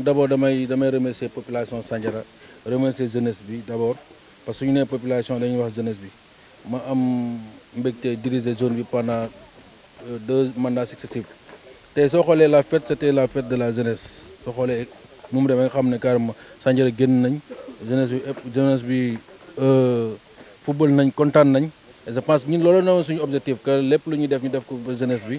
d'abord d' abord damay damay remercier population Sandiara remercier jeunesse bi d'abord parce que ñu population dañuy wax jeunesse bi ma am mbégte diriger zone bi pendant euh, deux mandats successifs te soo xoolee la fête c'était la fête de la jeunesse soo xoolee nu mu demee nga xam ne carrément Sandiara génn nañ jeunesse bi jeunesse bi euh, football nañ kontaan nañ et je pense ñun loolu na suñu objectif que lépp lu ñuy def ñu def ko jeunesse bi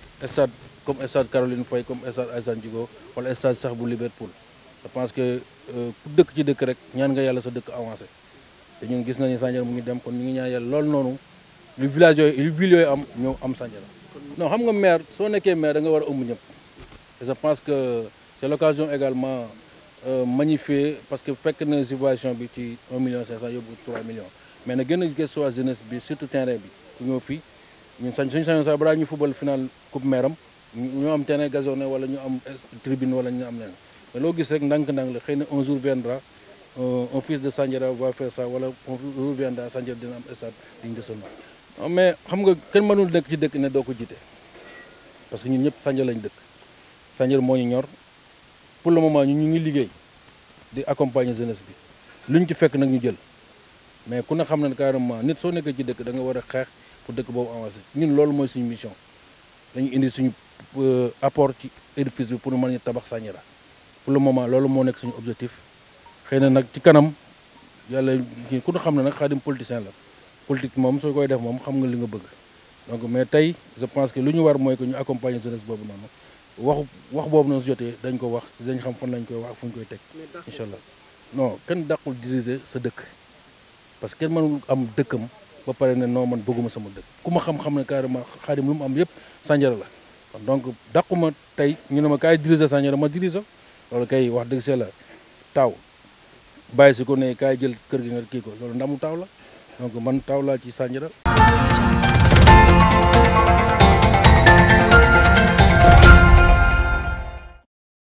stade comme stade Caroline Faye comme stade Alassane Djigo ou stade sax bu Liverpool je pense que pour euh, deux ci deux rek ñaan nga yàlla sa dëkk avancé Et ñun gis nañu Sandiara mu ngi dem kon ñu ngi ñaan yàlla loolu noonu lu village yooyu lu ville yooyu am ñëw am Sandiara non xam nga maire soo nekkee maire da nga war a ëmb et je pense que c'est l'occasion également euh, magnifier parce que fekk na situation bi ci 1 million 500 3 millions mais na gën a gëstuwaat jeunesse bi surtout terrain bi ku ñëw fii ñun sañ suñu sañoon sax balaa ñu football final coupe meram ñu am terrain gazoné wala ñu am tribune wala ñu am leneen mais loo gis rek ndank ndank la xëy un jour viendra euh, un fils de Sandiara va faire ça wala un jour viendra Sandiara dina am stade digne de son mais xam nga kenn mënul dëkk ci dëkk né do ko jité parce que ñun ñëpp Sandiara lañ dëkk Sandiara mo ñu ñor pour le moment ñu ñu ngi liggéey di accompagner jeunesse bi luñ ci fekk nak ñu jël mais ku ne xam ne carrément nit soo nekkee ci dëkk da nga war a xeex pour dëkk boobu avancé ñun loolu mooy suñu mission dañu indi suñu euh, apport ci édifice bi pour mën ñu tabax Sandiara pour le moment loolu moo nekk suñu objectif xëy na nag ci kanam yàlla ku ne xam ne nag xaadim politicien la politique moom soo koy def moom xam nga li nga bëgg donc mais tey je pense que lu ñu war mooy que ñu accompagner jeunesse boobu noonu waxu wax boobu noonu su jotee dañ ko wax dañ xam fan lañ koy wax fu koy teg incha allah non kenn dàqul diriger sa dëkk parce que kenn mënul am dëkkam ba pare ne noo man bëgguma sama dëkk ku ma xam-xam ne carrément xaadim lu mu am yëpp Sandiara la kon donc dàquma tey ñu ne ma kaay diriger Sandiara ma diriger loolu kay wax dëgg see la taaw bàyyi si ko ne kaay jël kër gi nga kii ko loolu ndamu taaw la donc man taaw laa ci Sandiara